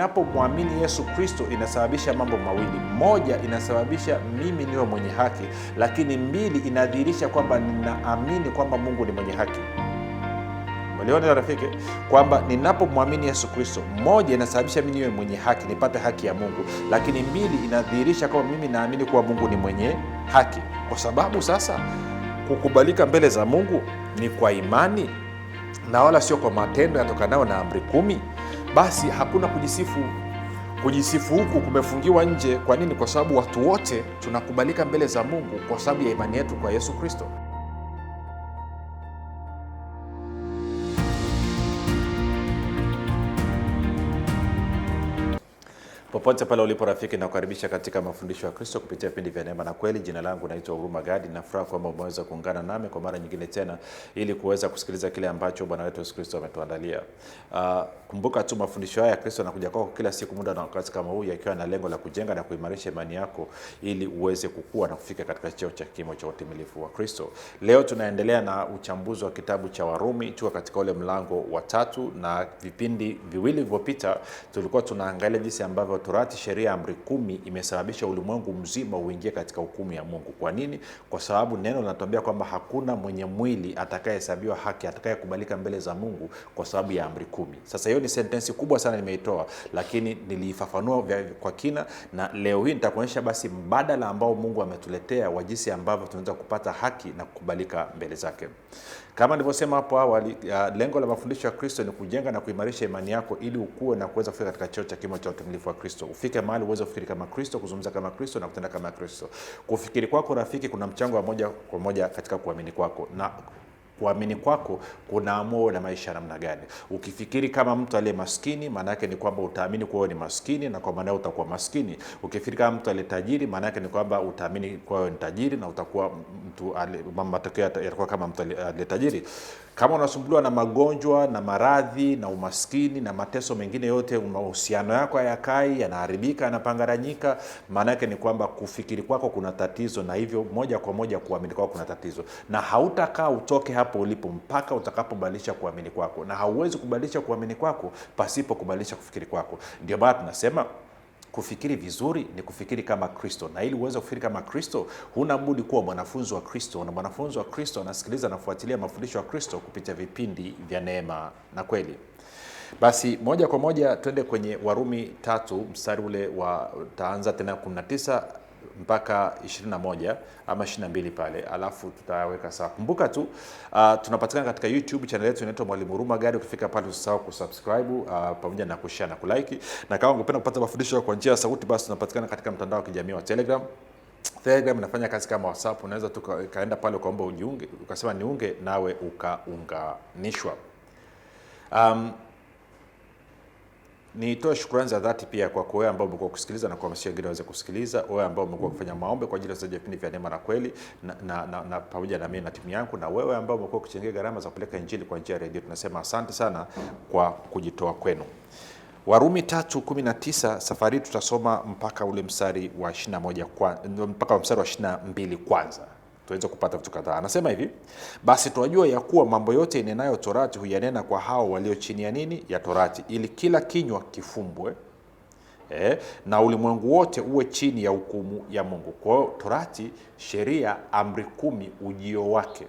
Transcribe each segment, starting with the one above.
ninapomwamini Yesu Kristo inasababisha mambo mawili. Moja, inasababisha mimi niwe mwenye haki, lakini mbili, inadhihirisha kwamba ninaamini kwamba Mungu ni mwenye haki. Mwelewana rafiki, kwamba ninapomwamini Yesu Kristo, moja, inasababisha mimi niwe mwenye haki, nipate haki ya Mungu, lakini mbili, inadhihirisha kwamba mimi naamini kuwa Mungu ni mwenye haki, kwa sababu sasa kukubalika mbele za Mungu ni kwa imani na wala sio kwa matendo yatokanayo na amri kumi basi hakuna kujisifu. Kujisifu huku kumefungiwa nje. Kwa nini? Kwa sababu watu wote tunakubalika mbele za Mungu kwa sababu ya imani yetu kwa Yesu Kristo. Popote pale ulipo rafiki, nakukaribisha katika mafundisho ya Kristo kupitia vipindi vya neema na kweli. Jina langu naitwa Huruma Gadi. Nafuraha kwamba umeweza kuungana nami kwa mara nyingine tena ili kuweza kusikiliza kile ambacho Bwana wetu Yesu Kristo ametuandalia. Uh, kumbuka tu mafundisho haya ya Kristo yanakuja kwako kila siku, muda na wakati kama huu, yakiwa na lengo la kujenga na kuimarisha imani yako ili uweze kukua na kufika katika cheo cha kimo cha utimilifu wa Kristo. Leo tunaendelea na uchambuzi wa kitabu cha Warumi, tuko katika ule mlango wa tatu, na vipindi viwili vilivyopita tulikuwa tunaangalia jinsi ambavyo Torati, sheria ya amri kumi, imesababisha ulimwengu mzima uingie katika hukumu ya Mungu. Kwa nini? Kwa sababu neno linatuambia kwamba hakuna mwenye mwili atakayehesabiwa haki, atakayekubalika mbele za Mungu kwa sababu ya amri kumi. Sasa hiyo ni sentensi kubwa sana nimeitoa, lakini niliifafanua kwa kina, na leo hii nitakuonyesha basi mbadala ambao Mungu ametuletea wa jinsi ambavyo tunaweza kupata haki na kukubalika mbele zake. Kama nilivyosema hapo awali, uh, lengo la mafundisho ya Kristo ni kujenga na kuimarisha imani yako ili ukue na kuweza kufika katika cheo cha kimo cha utimilifu wa Kristo, ufike mahali uweze kufikiri kama Kristo, kuzungumza kama Kristo na kutenda kama Kristo. Kufikiri kwako rafiki kuna mchango wa moja kwa moja katika kuamini kwako na kuamini kwako kunaamua na maisha namna gani. Ukifikiri kama mtu aliye maskini, maana yake ni kwamba utaamini kuwa ni maskini na kwa maana utakuwa maskini. Ukifikiri kama mtu aliye tajiri, maana yake ni kwamba utaamini kuwa ni tajiri na utakuwa mtu, matokeo yatakuwa kama mtu aliye tajiri. Kama unasumbuliwa na magonjwa na maradhi na umaskini na mateso mengine yote, mahusiano yako hayakai, yanaharibika, yanapangaranyika, maana yake ni kwamba kufikiri kwako kuna tatizo, na hivyo moja kwa moja kuamini kwako kuna tatizo, na hautakaa utoke hapo ulipo mpaka utakapobadilisha kuamini kwako, na hauwezi kubadilisha kuamini kwako pasipo kubadilisha kufikiri kwako. Ndio maana tunasema Kufikiri vizuri ni kufikiri kama Kristo, na ili uweze kufikiri kama Kristo huna budi kuwa mwanafunzi wa Kristo, na mwanafunzi wa Kristo anasikiliza na kufuatilia mafundisho ya Kristo kupitia vipindi vya Neema na Kweli. Basi moja kwa moja twende kwenye Warumi tatu mstari ule wa taanza tena 19 mpaka 21 ama 22 pale, alafu tutaweka sawa. Kumbuka tu uh, tunapatikana katika YouTube channel yetu inaitwa Mwalimu Huruma Guide. Ukifika pale usisahau kusubscribe uh, pamoja na kushare na kulike, na kama ungependa kupata mafundisho kwa njia ya sauti, basi tunapatikana katika mtandao wa kijamii wa Telegram. Telegram inafanya kazi kama WhatsApp, unaweza tukaenda pale ukaomba ujiunge, ukasema niunge, nawe ukaunganishwa um, Nitoe shukrani za dhati pia kwako wewe ambao umekuwa kusikiliza na kuhamasisha wengine waweze kusikiliza, wewe ambao umekuwa kufanya maombi kwa ajili ya sadaka vipindi vya Neema na Kweli na, na, na, na pamoja na mimi na timu yangu, na wewe ambao umekuwa kuchangia gharama za kupeleka injili kwa njia ya redio, tunasema asante sana kwa kujitoa kwenu. Warumi tatu safari tutasoma mpaka ule mstari wa 21 kwa mpaka wa mstari wa 22 kwanza tuweze kupata vitu kadhaa. Anasema hivi, basi twajua ya kuwa mambo yote inenayo Torati huyanena kwa hao walio chini ya nini ya Torati, ili kila kinywa kifumbwe eh, na ulimwengu wote uwe chini ya hukumu ya Mungu. Kwa hiyo Torati, sheria, amri kumi, ujio wake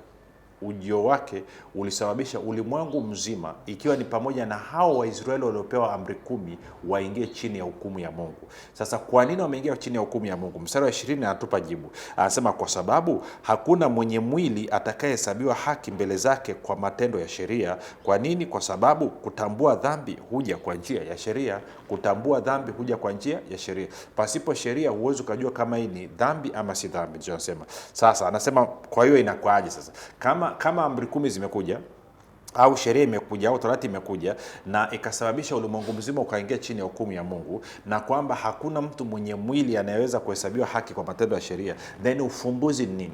ujio wake ulisababisha ulimwengu mzima, ikiwa ni pamoja na hao Waisraeli waliopewa amri kumi waingie chini ya hukumu ya Mungu. Sasa kwa nini wameingia chini ya hukumu ya Mungu? Mstari wa ishirini anatupa jibu, anasema kwa sababu hakuna mwenye mwili atakayehesabiwa haki mbele zake kwa matendo ya sheria. Kwa nini? Kwa sababu kutambua dhambi huja kwa njia ya sheria. Kutambua dhambi huja kwa njia ya sheria. Pasipo sheria huwezi ukajua kama hii ni dhambi ama si dhambi. Ndicho anasema sasa. Anasema kwa hiyo inakwaje sasa kama kama amri kumi zimekuja au sheria imekuja au torati imekuja na ikasababisha ulimwengu mzima ukaingia chini ya hukumu ya Mungu, na kwamba hakuna mtu mwenye mwili anayeweza kuhesabiwa haki kwa matendo ya sheria, then ufumbuzi ni nini?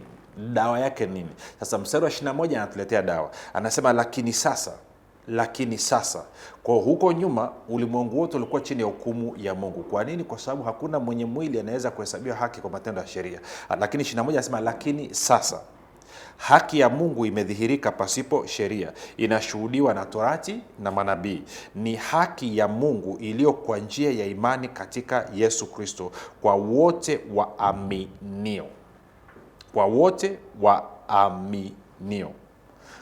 Dawa yake nini? Sasa mstari wa 21 anatuletea dawa, anasema lakini sasa lakini sasa kwa huko nyuma ulimwengu wote ulikuwa chini ya hukumu ya Mungu. Kwa nini? Kwa sababu hakuna mwenye mwili anaweza kuhesabiwa haki kwa matendo ya sheria. Lakini 21 anasema lakini sasa Haki ya Mungu imedhihirika pasipo sheria, inashuhudiwa na Torati na manabii. Ni haki ya Mungu iliyo kwa njia ya imani katika Yesu Kristo kwa wote waaminio, kwa wote waaminio.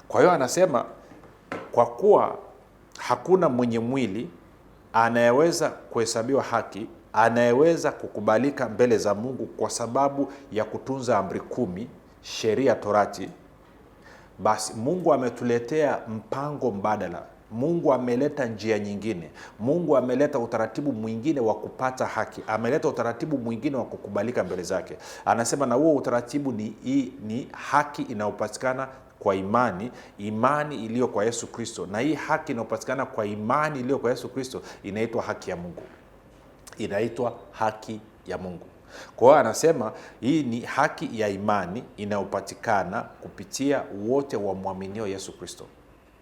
Kwa hiyo anasema kwa kuwa hakuna mwenye mwili anayeweza kuhesabiwa haki anayeweza kukubalika mbele za Mungu kwa sababu ya kutunza amri kumi sheria torati, basi Mungu ametuletea mpango mbadala. Mungu ameleta njia nyingine. Mungu ameleta utaratibu mwingine wa kupata haki, ameleta utaratibu mwingine wa kukubalika mbele zake. Anasema na huo utaratibu ni, ni haki inayopatikana kwa imani, imani iliyo kwa Yesu Kristo. Na hii haki inayopatikana kwa imani iliyo kwa Yesu Kristo inaitwa haki ya Mungu, inaitwa haki ya Mungu. Kwa hiyo anasema hii ni haki ya imani inayopatikana kupitia wote wa mwaminio Yesu Kristo.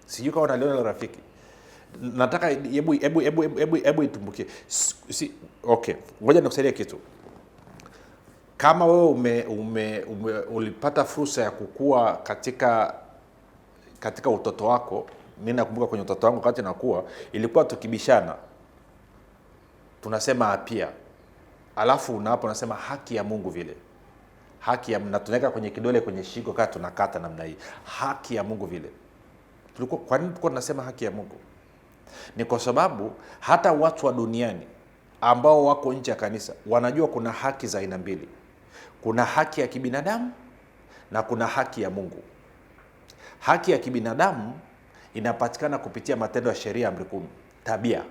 Sijui kama unaliona rafiki, nataka hebu hebu hebu hebu itumbukie. Si, okay, ngoja nikusaidie kitu kama wewe ume, ume, ume, ulipata fursa ya kukua katika katika utoto wako. Mi nakumbuka kwenye utoto wangu wakati nakuwa, ilikuwa tukibishana tunasema apia alafu unapo unasema haki ya Mungu vile haki ya, natuneka kwenye kidole kwenye shigo kaa tunakata namna hii, haki ya Mungu vile. Tulikuwa kwa nini tulikuwa tunasema haki ya Mungu? Ni kwa sababu hata watu wa duniani ambao wako nje ya kanisa wanajua kuna haki za aina mbili, kuna haki ya kibinadamu na kuna haki ya Mungu. Haki ya kibinadamu inapatikana kupitia matendo ya sheria, amri kumi, tabia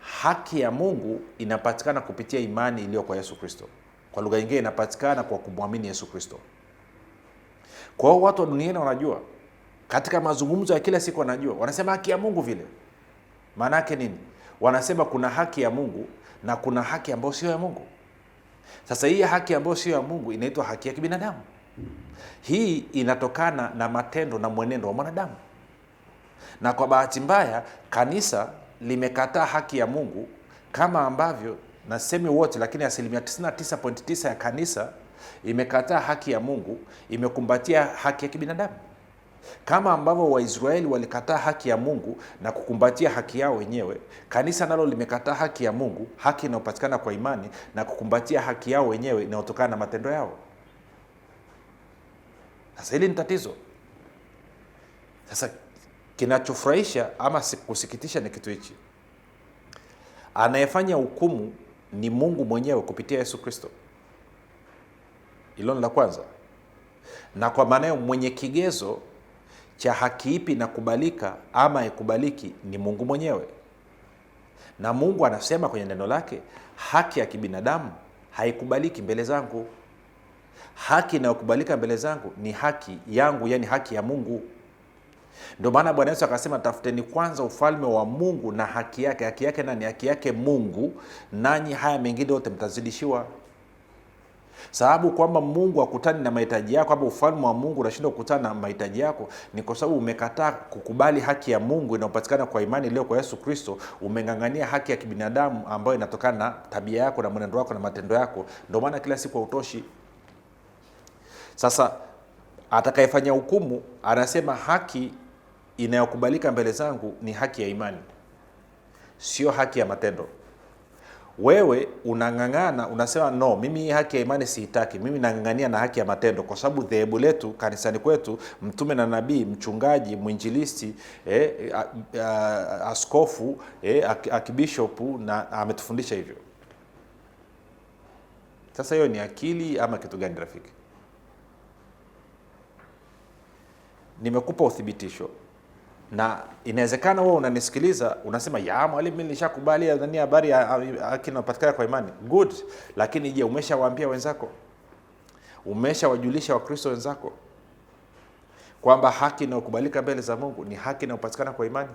haki ya Mungu inapatikana kupitia imani iliyo kwa Yesu Kristo. Kwa lugha nyingine, inapatikana kwa kumwamini Yesu Kristo. Kwa hiyo watu wa duniani wanajua, katika mazungumzo ya kila siku wanajua, wanasema haki ya Mungu vile. Maana yake nini? Wanasema kuna haki ya Mungu na kuna haki ambayo sio ya Mungu. Sasa hii haki ambayo sio ya Mungu inaitwa haki ya kibinadamu. Hii inatokana na matendo na mwenendo wa mwanadamu, na kwa bahati mbaya kanisa limekataa haki ya Mungu kama ambavyo nasemi wote, lakini asilimia 99.9 ya kanisa imekataa haki ya Mungu, imekumbatia haki ya kibinadamu kama ambavyo Waisraeli walikataa haki ya Mungu na kukumbatia haki yao wenyewe, kanisa nalo limekataa haki ya Mungu, haki inayopatikana kwa imani na kukumbatia haki yao wenyewe inayotokana na matendo yao. Sasa hili ni tatizo. Sasa Kinachofurahisha ama kusikitisha ni kitu hichi, anayefanya hukumu ni Mungu mwenyewe kupitia Yesu Kristo. Hilo ni la kwanza, na kwa maana hiyo mwenye kigezo cha haki ipi inakubalika ama haikubaliki ni Mungu mwenyewe, na Mungu anasema kwenye neno lake, haki ya kibinadamu haikubaliki mbele zangu. Haki inayokubalika mbele zangu ni haki yangu, yani haki ya Mungu. Ndio maana Bwana Yesu akasema, tafuteni kwanza ufalme wa Mungu na haki yake. Haki yake nani? Haki yake Mungu, nanyi haya mengine yote mtazidishiwa. Sababu kwamba Mungu akutani na mahitaji yako, ama ufalme wa Mungu unashindwa kukutana na mahitaji yako, ni kwa sababu umekataa kukubali haki ya Mungu inayopatikana kwa imani leo kwa Yesu Kristo. Umeng'ang'ania haki ya kibinadamu ambayo inatokana na tabia yako na mwenendo wako na matendo yako. Ndio maana kila siku hautoshi. Sasa atakayefanya hukumu anasema haki inayokubalika mbele zangu ni haki ya imani, sio haki ya matendo. Wewe unang'ang'ana unasema, no, mimi hii haki ya imani siitaki, mimi nang'ang'ania na haki ya matendo, kwa sababu dhehebu letu, kanisani kwetu, mtume na nabii, mchungaji, mwinjilisti, eh, askofu, eh, akibishopu na ametufundisha hivyo. Sasa hiyo ni akili ama kitu gani, rafiki? Nimekupa uthibitisho na inawezekana wewe unanisikiliza unasema, ya mwalimu, mimi nishakubali nani, habari akinapatikana kwa imani. Good, lakini je, umeshawaambia wenzako? Umeshawajulisha wakristo wenzako kwamba haki inayokubalika mbele za Mungu ni haki inayopatikana kwa imani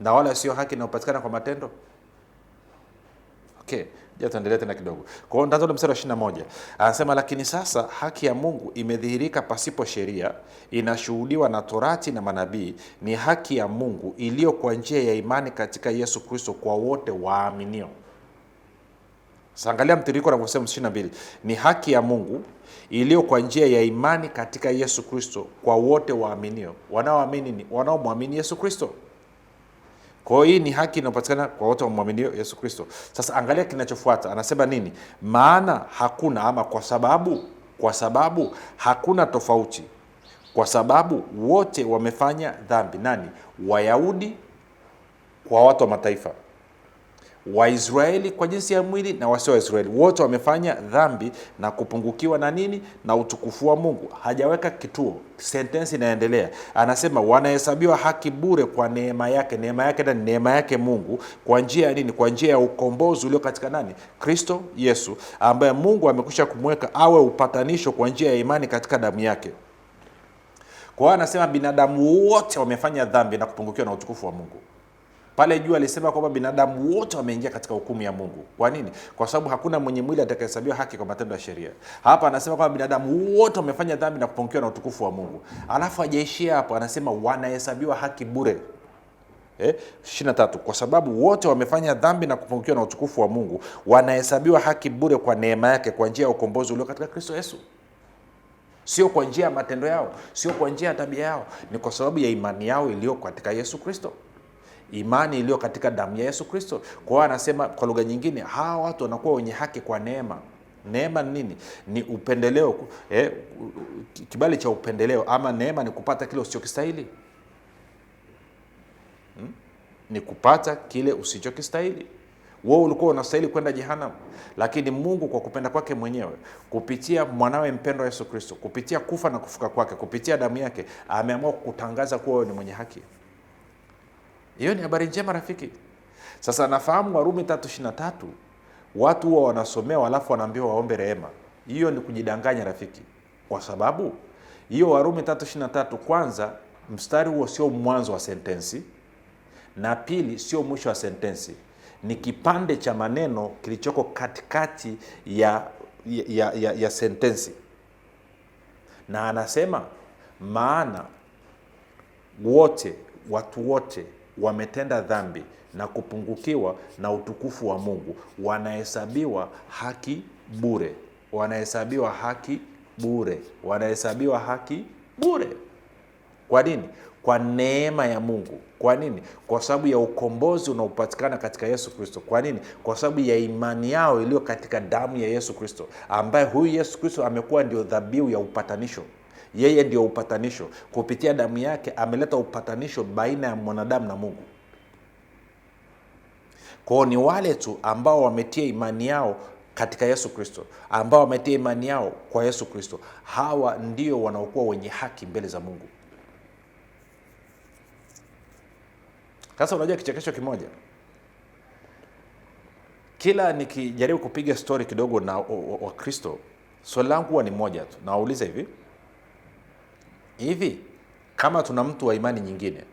na wala sio haki inayopatikana kwa matendo? Okay ja, tuendelee tena kidogo. Kwa hiyo nitaanza mstari wa ishirini na moja. Anasema, lakini sasa haki ya Mungu imedhihirika pasipo sheria, inashuhudiwa na torati na manabii, ni haki ya Mungu iliyo kwa njia ya imani katika Yesu Kristo kwa wote waaminio. Saangalia mtiririko anavyosema ishirini na mbili, ni haki ya Mungu iliyo kwa njia ya imani katika Yesu Kristo kwa wote waaminio. Wanaoamini ni wanaomwamini Yesu Kristo. Kwa hiyo hii ni haki inayopatikana kwa wote wamwaminio Yesu Kristo. Sasa angalia kinachofuata, anasema nini? Maana hakuna ama kwa sababu, kwa sababu hakuna tofauti, kwa sababu wote wamefanya dhambi. Nani? Wayahudi kwa watu wa mataifa. Waisraeli kwa jinsi ya mwili na wasio Waisraeli wote wamefanya dhambi na kupungukiwa na nini? Na utukufu wa Mungu. Hajaweka kituo, sentensi inaendelea, anasema wanahesabiwa haki bure kwa neema yake. Neema yake nani? neema yake Mungu kwa njia ya nini? Kwa njia ya ukombozi ulio katika nani? Kristo Yesu, ambaye Mungu amekwisha kumweka awe upatanisho kwa njia ya imani katika damu yake. Kwa hiyo anasema binadamu wote wamefanya dhambi na kupungukiwa na utukufu wa Mungu. Pale juu alisema kwamba binadamu wote wameingia katika hukumu ya Mungu. Kwa nini? Kwa sababu hakuna mwenye mwili atakayehesabiwa haki kwa matendo ya sheria. Hapa anasema kwamba binadamu wote wamefanya dhambi na kupungukiwa na utukufu wa Mungu, alafu ajaishia hapo, anasema wanahesabiwa haki bure. Eh, 23 kwa sababu wote wamefanya dhambi na kupungukiwa na utukufu wa Mungu, wanahesabiwa haki bure kwa neema yake, kwa njia ya ukombozi ulio katika Kristo Yesu, sio kwa njia ya matendo yao, sio kwa njia ya tabia yao, ni kwa sababu ya imani yao iliyo katika Yesu Kristo imani iliyo katika damu ya Yesu Kristo. Kwa hiyo anasema kwa lugha nyingine, hawa watu wanakuwa wenye haki kwa neema. Neema ni nini? Ni upendeleo eh, kibali cha upendeleo, ama neema ni kupata kile usichokistahili hmm? Ni kupata kile usichokistahili. Wewe ulikuwa unastahili kwenda jehanamu, lakini Mungu kwa kupenda kwake mwenyewe kupitia mwanawe mpendwa Yesu Kristo, kupitia kufa na kufuka kwake, kupitia damu yake ameamua kutangaza kuwa wewe ni mwenye haki hiyo ni habari njema rafiki. Sasa nafahamu Warumi tatu watu huwa wanasomewa alafu wanaambiwa waombe rehema. Hiyo ni kujidanganya rafiki, kwa sababu hiyo Warumi 3:23 kwanza, mstari huo sio mwanzo wa sentensi, na pili sio mwisho wa sentensi, ni kipande cha maneno kilichoko katikati ya, ya, ya, ya sentensi, na anasema maana wote, watu wote wametenda dhambi na kupungukiwa na utukufu wa Mungu, wanahesabiwa haki bure, wanahesabiwa haki bure, wanahesabiwa haki bure. Kwa nini? Kwa neema ya Mungu. Kwa nini? Kwa sababu ya ukombozi unaopatikana katika Yesu Kristo. Kwa nini? Kwa sababu ya imani yao iliyo katika damu ya Yesu Kristo, ambaye huyu Yesu Kristo amekuwa ndio dhabihu ya upatanisho. Yeye ndio upatanisho. Kupitia damu yake ameleta upatanisho baina ya mwanadamu na Mungu. Kwao ni wale tu ambao wametia imani yao katika Yesu Kristo, ambao wametia imani yao kwa Yesu Kristo, hawa ndio wanaokuwa wenye haki mbele za Mungu. Sasa unajua kichekesho kimoja, kila nikijaribu kupiga stori kidogo na Wakristo, swali langu huwa ni moja tu, nawauliza hivi, hivi kama tuna mtu wa imani nyingine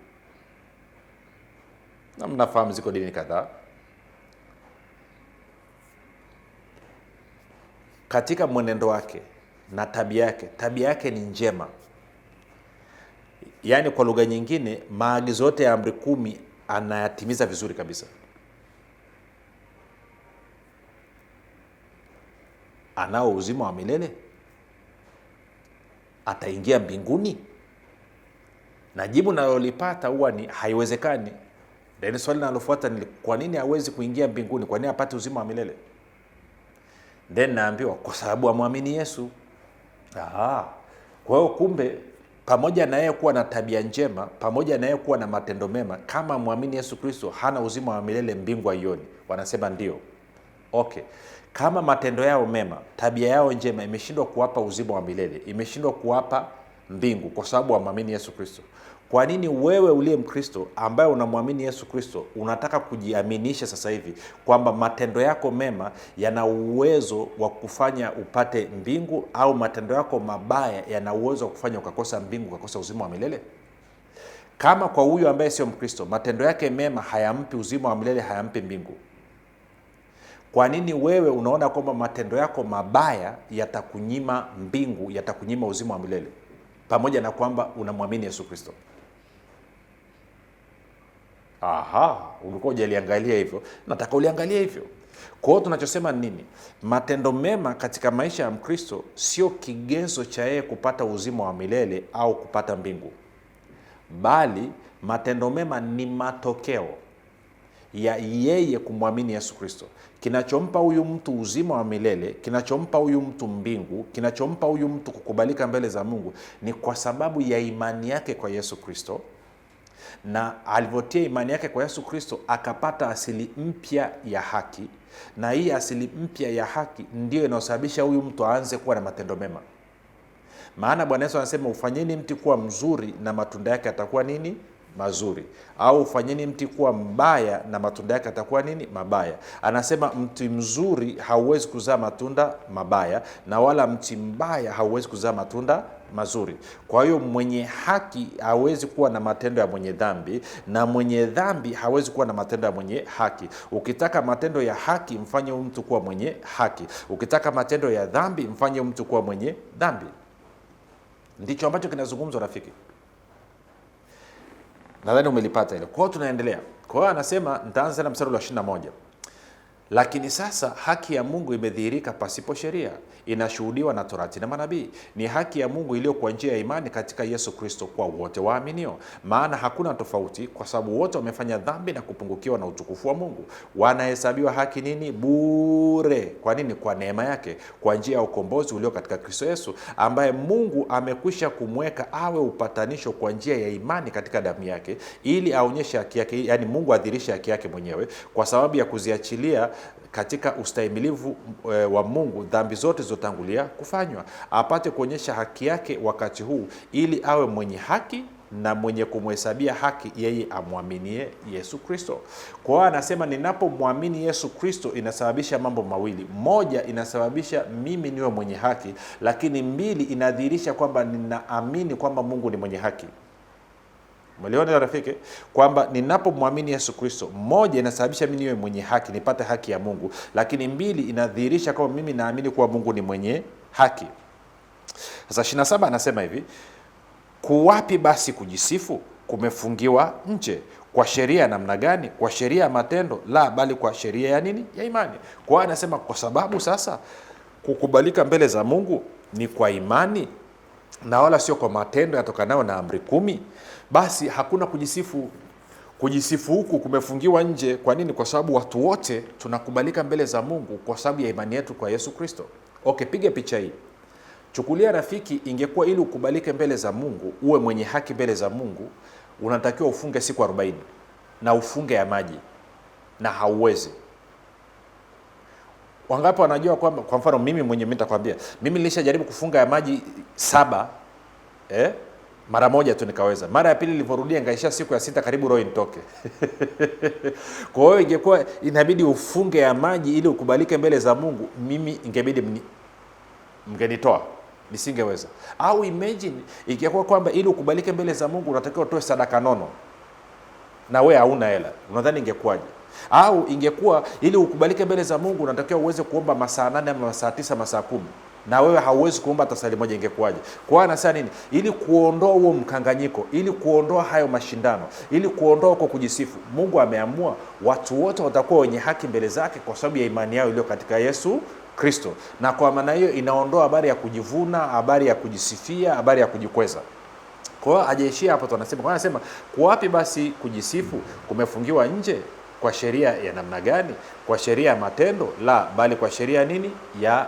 na mnafahamu ziko dini kadhaa katika mwenendo wake na tabia yake, tabia yake ni njema, yaani kwa lugha nyingine, maagizo yote ya amri kumi anayatimiza vizuri kabisa, anao uzima wa milele ataingia mbinguni? Na jibu nalolipata huwa ni haiwezekani. Then swali nalofuata ni kwa nini hawezi kuingia mbinguni? Kwa nini apate uzima wa milele? Then naambiwa kwa sababu amwamini Yesu. Kwa hiyo kumbe, pamoja na yeye kuwa na tabia njema, pamoja na yeye kuwa na matendo mema, kama amwamini Yesu Kristo hana uzima wa milele, mbingwa haioni. Wanasema ndio. Okay, kama matendo yao mema, tabia yao njema imeshindwa kuwapa uzima wa milele, imeshindwa kuwapa mbingu, kwa sababu wamwamini Yesu Kristo. Kwa nini wewe uliye Mkristo ambaye unamwamini Yesu Kristo unataka kujiaminisha sasa hivi kwamba matendo yako mema yana uwezo wa kufanya upate mbingu, au matendo yako mabaya yana uwezo wa kufanya ukakosa mbingu, ukakosa uzima wa milele? Kama kwa huyu ambaye sio Mkristo matendo yake mema hayampi uzima wa milele, hayampi mbingu, kwa nini wewe unaona kwamba matendo yako mabaya yatakunyima mbingu, yatakunyima uzima wa milele, pamoja na kwamba unamwamini Yesu Kristo? Aha, ulikuwa ujaliangalia hivyo, nataka uliangalia hivyo. Kwa tunachosema nini? Matendo mema katika maisha ya Mkristo sio kigezo cha yeye kupata uzima wa milele au kupata mbingu, bali matendo mema ni matokeo ya yeye kumwamini Yesu Kristo kinachompa huyu mtu uzima wa milele, kinachompa huyu mtu mbingu, kinachompa huyu mtu kukubalika mbele za Mungu ni kwa sababu ya imani yake kwa Yesu Kristo, na alivyotia imani yake kwa Yesu Kristo akapata asili mpya ya haki, na hii asili mpya ya haki ndiyo inayosababisha huyu mtu aanze kuwa na matendo mema. Maana Bwana Yesu anasema, ufanyeni mti kuwa mzuri na matunda yake atakuwa nini? mazuri au fanyeni mti kuwa mbaya na matunda yake atakuwa nini? Mabaya. Anasema mti mzuri hauwezi kuzaa matunda mabaya, na wala mti mbaya hauwezi kuzaa matunda mazuri. Kwa hiyo mwenye haki hawezi kuwa na matendo ya mwenye dhambi, na mwenye dhambi hawezi kuwa na matendo ya mwenye haki. Ukitaka matendo ya haki, mfanye huyu mtu kuwa mwenye haki. Ukitaka matendo ya dhambi, mfanye mtu kuwa mwenye dhambi. Ndicho ambacho kinazungumzwa, rafiki nadhani umelipata hilo. Kwa hiyo tunaendelea. Kwa hiyo anasema nitaanza na mstari wa lakini sasa haki ya Mungu imedhihirika pasipo sheria, inashuhudiwa na torati na manabii. Ni haki ya Mungu iliyo kwa njia ya imani katika Yesu Kristo kwa wote waaminio, maana hakuna tofauti, kwa sababu wote wamefanya dhambi na kupungukiwa na utukufu wa Mungu. Wanahesabiwa haki nini? Bure. Kwa nini? Kwa neema yake, kwa njia ya ukombozi ulio katika Kristo Yesu, ambaye Mungu amekwisha kumweka awe upatanisho kwa njia ya imani katika damu yake, ili aonyeshe haki yake, yani Mungu adhirishe haki yake mwenyewe kwa sababu ya kuziachilia katika ustahimilivu e, wa Mungu dhambi zote zizotangulia kufanywa, apate kuonyesha haki yake wakati huu, ili awe mwenye haki na mwenye kumhesabia haki yeye amwaminie Yesu Kristo. Kwa hiyo anasema ninapomwamini Yesu Kristo inasababisha mambo mawili. Moja, inasababisha mimi niwe mwenye haki, lakini mbili, inadhihirisha kwamba ninaamini kwamba Mungu ni mwenye haki. Mwaliona rafiki, kwamba ninapomwamini Yesu Kristo, moja, inasababisha mimi niwe mwenye haki, nipate haki ya Mungu, lakini mbili, inadhihirisha kwamba mimi naamini kuwa Mungu ni mwenye haki. Sasa 27 anasema hivi, kuwapi basi kujisifu? Kumefungiwa nje. Kwa sheria ya namna gani? Kwa sheria ya matendo? La, bali kwa sheria ya nini? Ya imani. Kwa hiyo anasema kwa sababu sasa kukubalika mbele za Mungu ni kwa imani na wala sio kwa matendo yatokanayo na amri kumi basi hakuna kujisifu. Kujisifu huku kumefungiwa nje. Kwa nini? Kwa sababu watu wote tunakubalika mbele za Mungu kwa sababu ya imani yetu kwa Yesu Kristo. Okay, piga picha hii, chukulia rafiki, ingekuwa ili ukubalike mbele za Mungu, uwe mwenye haki mbele za Mungu, unatakiwa ufunge siku 40 na ufunge ya maji, na hauwezi Wangapi wanajua kwamba, kwa mfano mimi mwenyewe nitakwambia, mimi nilishajaribu kufunga ya maji saba eh? mara moja tu nikaweza. Mara ya pili nilivyorudia ngaisha siku ya sita, karibu roho nitoke. Kwa hiyo ingekuwa inabidi ufunge ya maji ili ukubalike mbele za Mungu, mimi ingebidi mngenitoa nisingeweza. Au imagine ingekuwa kwamba ili ukubalike mbele za Mungu unatakiwa utoe sadaka nono na we hauna hela, unadhani ingekuwaje? Au ingekuwa ili ukubalike mbele za Mungu unatakiwa uweze kuomba masaa nane ama masaa tisa masaa kumi na wewe hauwezi kuomba hata sali moja, ingekuwaje? Kwa hiyo anasema nini? Ili kuondoa huo mkanganyiko, ili kuondoa hayo mashindano, ili kuondoa kwa kujisifu, Mungu ameamua watu wote watakuwa wenye haki mbele zake kwa sababu ya imani yao iliyo katika Yesu Kristo. Na kwa maana hiyo inaondoa habari ya kujivuna, habari ya kujisifia, habari ya kujikweza. Kwa hiyo hajaishia hapo tu, anasema kwa anasema kuwapi basi kujisifu kumefungiwa nje? Kwa sheria ya namna gani? Kwa sheria ya matendo? La, bali kwa sheria nini? Ya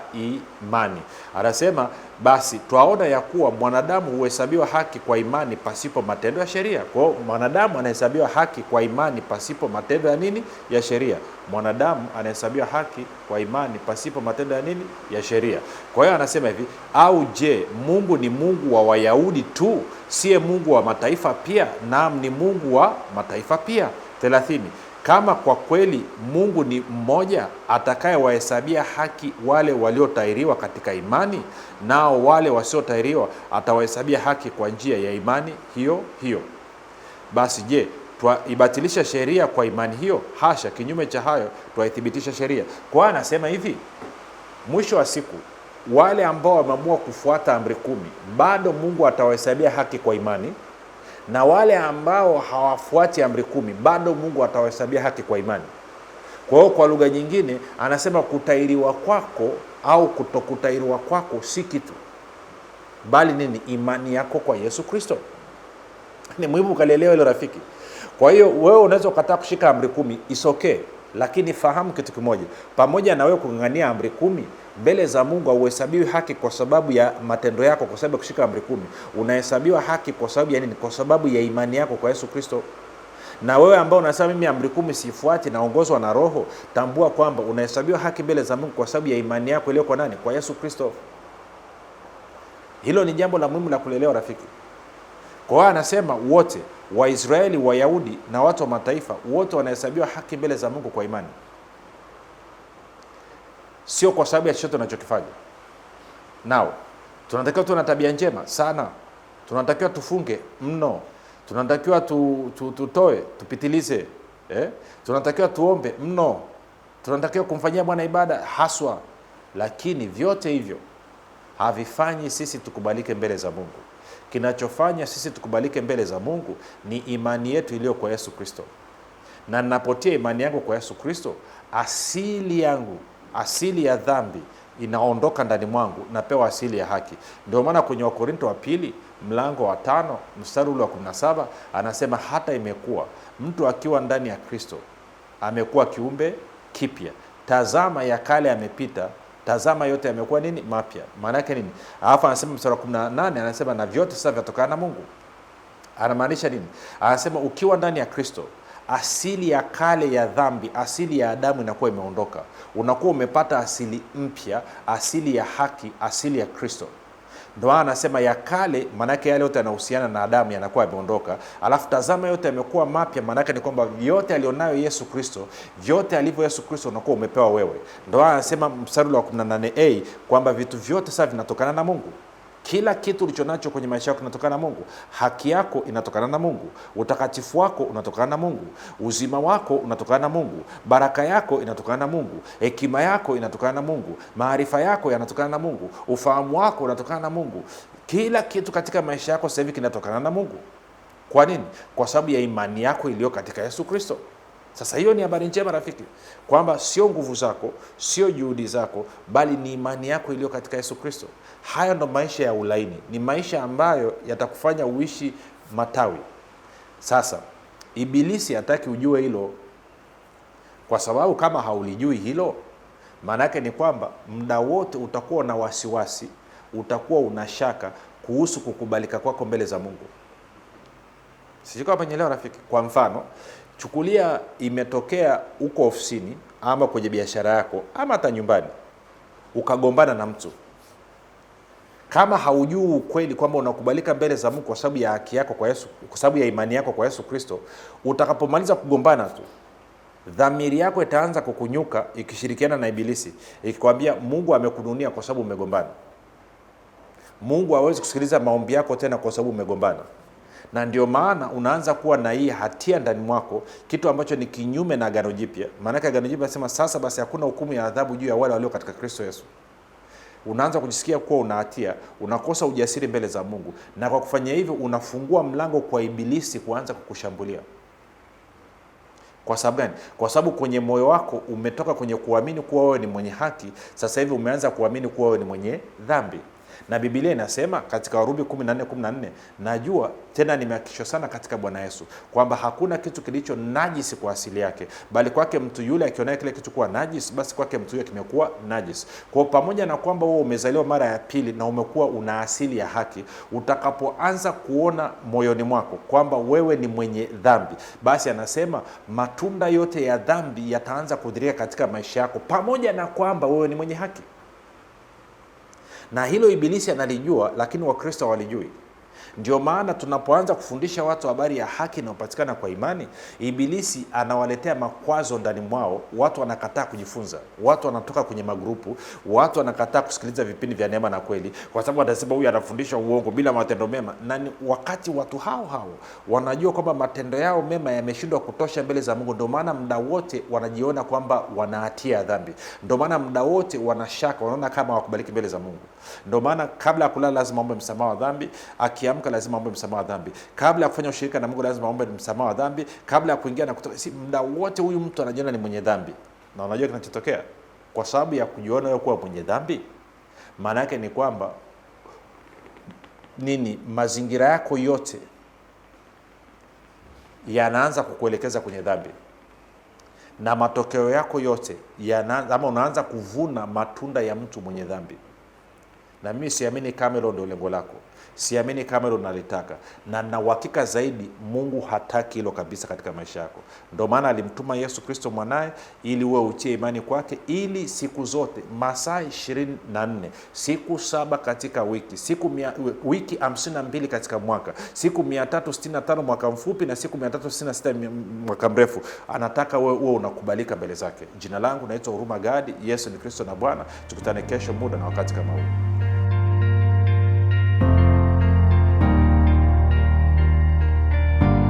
imani. Anasema basi twaona ya kuwa mwanadamu huhesabiwa haki kwa imani pasipo matendo ya sheria. Kwa hiyo mwanadamu anahesabiwa haki kwa imani pasipo matendo ya nini? Ya sheria. Mwanadamu anahesabiwa haki kwa imani pasipo matendo ya nini? Ya sheria. Kwa hiyo anasema hivi, au je, Mungu ni Mungu wa Wayahudi tu, siye Mungu wa mataifa pia? Naam, ni Mungu wa mataifa pia. thelathini kama kwa kweli Mungu ni mmoja atakayewahesabia haki wale waliotairiwa katika imani, nao wale wasiotairiwa atawahesabia haki kwa njia ya imani hiyo hiyo. Basi je, twaibatilisha sheria kwa imani hiyo? Hasha! Kinyume cha hayo, twaithibitisha sheria. Kwa hiyo anasema hivi, mwisho wa siku wale ambao wameamua kufuata amri kumi, bado Mungu atawahesabia haki kwa imani na wale ambao hawafuati amri kumi bado Mungu atawahesabia haki kwa imani. Kwa hiyo kwa lugha nyingine anasema kutairiwa kwako au kutokutairiwa kwako si kitu, bali nini? Imani yako kwa Yesu Kristo. Ni muhimu ukalielewa hilo rafiki. Kwa hiyo wewe unaweza ukataa kushika amri kumi, isokee okay, lakini fahamu kitu kimoja, pamoja na wewe kung'ang'ania amri kumi mbele za Mungu hauhesabiwi haki kwa sababu ya matendo yako, kwa sababu ya kushika amri kumi. Unahesabiwa haki kwa sababu ya nini? Kwa sababu ya imani yako kwa Yesu Kristo. Na wewe ambao unasema mimi amri kumi sifuati, naongozwa na Roho, tambua kwamba unahesabiwa haki mbele za Mungu kwa sababu ya imani yako iliyo kwa nani? Kwa Yesu Kristo. Hilo ni jambo la muhimu la kulelewa, rafiki. Kwa hiyo anasema wote Waisraeli, Wayahudi na watu wa mataifa, wote wanahesabiwa haki mbele za Mungu kwa imani sio kwa sababu ya chochote unachokifanya. Nao tunatakiwa tuwe na tabia njema sana, tunatakiwa tufunge mno, tunatakiwa tu, tu, tutoe tupitilize eh? tunatakiwa tuombe mno, tunatakiwa kumfanyia Bwana ibada haswa, lakini vyote hivyo havifanyi sisi tukubalike mbele za Mungu. Kinachofanya sisi tukubalike mbele za Mungu ni imani yetu iliyo kwa Yesu Kristo, na ninapotia imani yangu kwa Yesu Kristo, asili yangu asili ya dhambi inaondoka ndani mwangu, napewa asili ya haki. Ndio maana kwenye Wakorinto wa pili mlango wa tano mstari ule wa 17 anasema hata imekuwa mtu akiwa ndani ya Kristo amekuwa kiumbe kipya, tazama ya kale yamepita, tazama yote yamekuwa nini mapya. Maana yake nini? Alafu anasema mstari wa nane anasema na vyote sasa vyatokana na Mungu. Anamaanisha nini? Anasema ukiwa ndani ya Kristo asili ya kale ya dhambi, asili ya Adamu inakuwa imeondoka, unakuwa umepata asili mpya, asili ya haki, asili ya Kristo. ndo maana anasema ya kale, maanake yale yote yanahusiana na Adamu yanakuwa yameondoka, alafu tazama, yote yamekuwa mapya. Maanake ni kwamba vyote alionayo Yesu Kristo, vyote alivyo Yesu Kristo unakuwa umepewa wewe. ndo maana anasema msarulo wa 18a kwamba vitu vyote sasa vinatokana na Mungu. Kila kitu ulichonacho kwenye maisha yako kinatokana na Mungu. Haki yako inatokana na Mungu, utakatifu wako unatokana na Mungu, uzima wako unatokana na Mungu, baraka yako inatokana na Mungu, hekima yako inatokana na Mungu, maarifa yako yanatokana na Mungu, ufahamu wako unatokana na Mungu. Kila kitu katika maisha yako sasa hivi kinatokana na Mungu. Kwa nini? Kwa sababu ya imani yako iliyo katika Yesu Kristo. Sasa hiyo ni habari njema rafiki, kwamba sio nguvu zako, sio juhudi zako, bali ni imani yako iliyo katika Yesu Kristo. Haya ndo maisha ya ulaini, ni maisha ambayo yatakufanya uishi matawi. Sasa Ibilisi hataki ujue hilo, kwa sababu kama haulijui hilo, maana yake ni kwamba muda wote utakuwa na wasiwasi, utakuwa una shaka kuhusu kukubalika kwako mbele za Mungu. Sijui kama umenielewa rafiki. Kwa mfano Chukulia imetokea huko ofisini ama kwenye biashara yako ama hata nyumbani, ukagombana na mtu, kama haujui ukweli kwamba unakubalika mbele za Mungu kwa sababu ya haki yako kwa Yesu, kwa sababu ya imani yako kwa Yesu Kristo, utakapomaliza kugombana tu dhamiri yako itaanza kukunyuka ikishirikiana na Ibilisi ikikwambia Mungu amekununia kwa sababu umegombana. Mungu hawezi kusikiliza maombi yako tena kwa sababu umegombana na ndio maana unaanza kuwa na hii hatia ndani mwako, kitu ambacho ni kinyume na agano jipya. Maanake agano jipya nasema sasa basi hakuna hukumu ya adhabu juu ya wale walio katika Kristo Yesu. Unaanza kujisikia kuwa una hatia, unakosa ujasiri mbele za Mungu, na kwa kufanya hivyo unafungua mlango kwa Ibilisi kuanza kukushambulia. Kwa sababu gani? Kwa sababu kwenye moyo wako umetoka kwenye kuamini kuwa wewe ni mwenye haki, sasa hivi umeanza kuamini kuwa wewe ni mwenye dhambi na Biblia inasema katika Warumi 14:14 najua tena nimehakikishwa sana katika Bwana Yesu kwamba hakuna kitu kilicho najisi kwa asili yake, bali kwake mtu yule akionaye kile kitu kuwa najisi, basi kwake mtu yule kimekuwa najisi. Kwa pamoja na kwamba wewe umezaliwa mara ya pili na umekuwa una asili ya haki, utakapoanza kuona moyoni mwako kwamba wewe ni mwenye dhambi, basi anasema matunda yote ya dhambi yataanza kudhirika katika maisha yako, pamoja na kwamba wewe ni mwenye haki na hilo Ibilisi analijua, lakini Wakristo hawalijui. Ndio maana tunapoanza kufundisha watu habari ya haki inayopatikana kwa imani, Ibilisi anawaletea makwazo ndani mwao. Watu wanakataa kujifunza, watu wanatoka kwenye magrupu, watu wanakataa kusikiliza vipindi vya neema na kweli, kwa sababu anasema huyu anafundisha uongo bila matendo mema. Na wakati watu hao hao wanajua kwamba matendo yao mema yameshindwa kutosha mbele za Mungu, ndio maana muda wote wanajiona kwamba wanahatia ya dhambi, ndio maana muda wote wanashaka, wanaona kama hawakubaliki mbele za Mungu. Ndio maana kabla ya kulala lazima ombe msamaha wa dhambi, akiamka kutoka lazima aombe msamaha wa dhambi, kabla ya kufanya ushirika na Mungu lazima aombe msamaha wa dhambi, kabla ya kuingia na kutoka. Si muda wote huyu mtu anajiona ni mwenye dhambi, na unajua kinachotokea kwa sababu ya kujiona wewe kuwa mwenye dhambi, maana yake ni kwamba nini, mazingira yako yote yanaanza kukuelekeza kwenye dhambi na matokeo yako yote yanaanza, ama unaanza kuvuna matunda ya mtu mwenye dhambi na mimi siamini kama hilo ndio lengo lako, siamini kama hilo na na uhakika zaidi Mungu hataki hilo kabisa katika maisha yako. Ndio maana alimtuma Yesu Kristo mwanaye ili uwe utie imani kwake, ili siku zote masaa ishirini na nne siku saba katika wiki siku mia, wiki hamsini na mbili katika mwaka siku mia tatu sitini na tano mwaka mfupi na siku mia tatu sitini na sita mwaka mrefu, anataka wewe uwe unakubalika mbele zake. Jina langu naitwa Huruma Gadi. Yesu ni Kristo na Bwana. Tukutane kesho muda na wakati kama huu.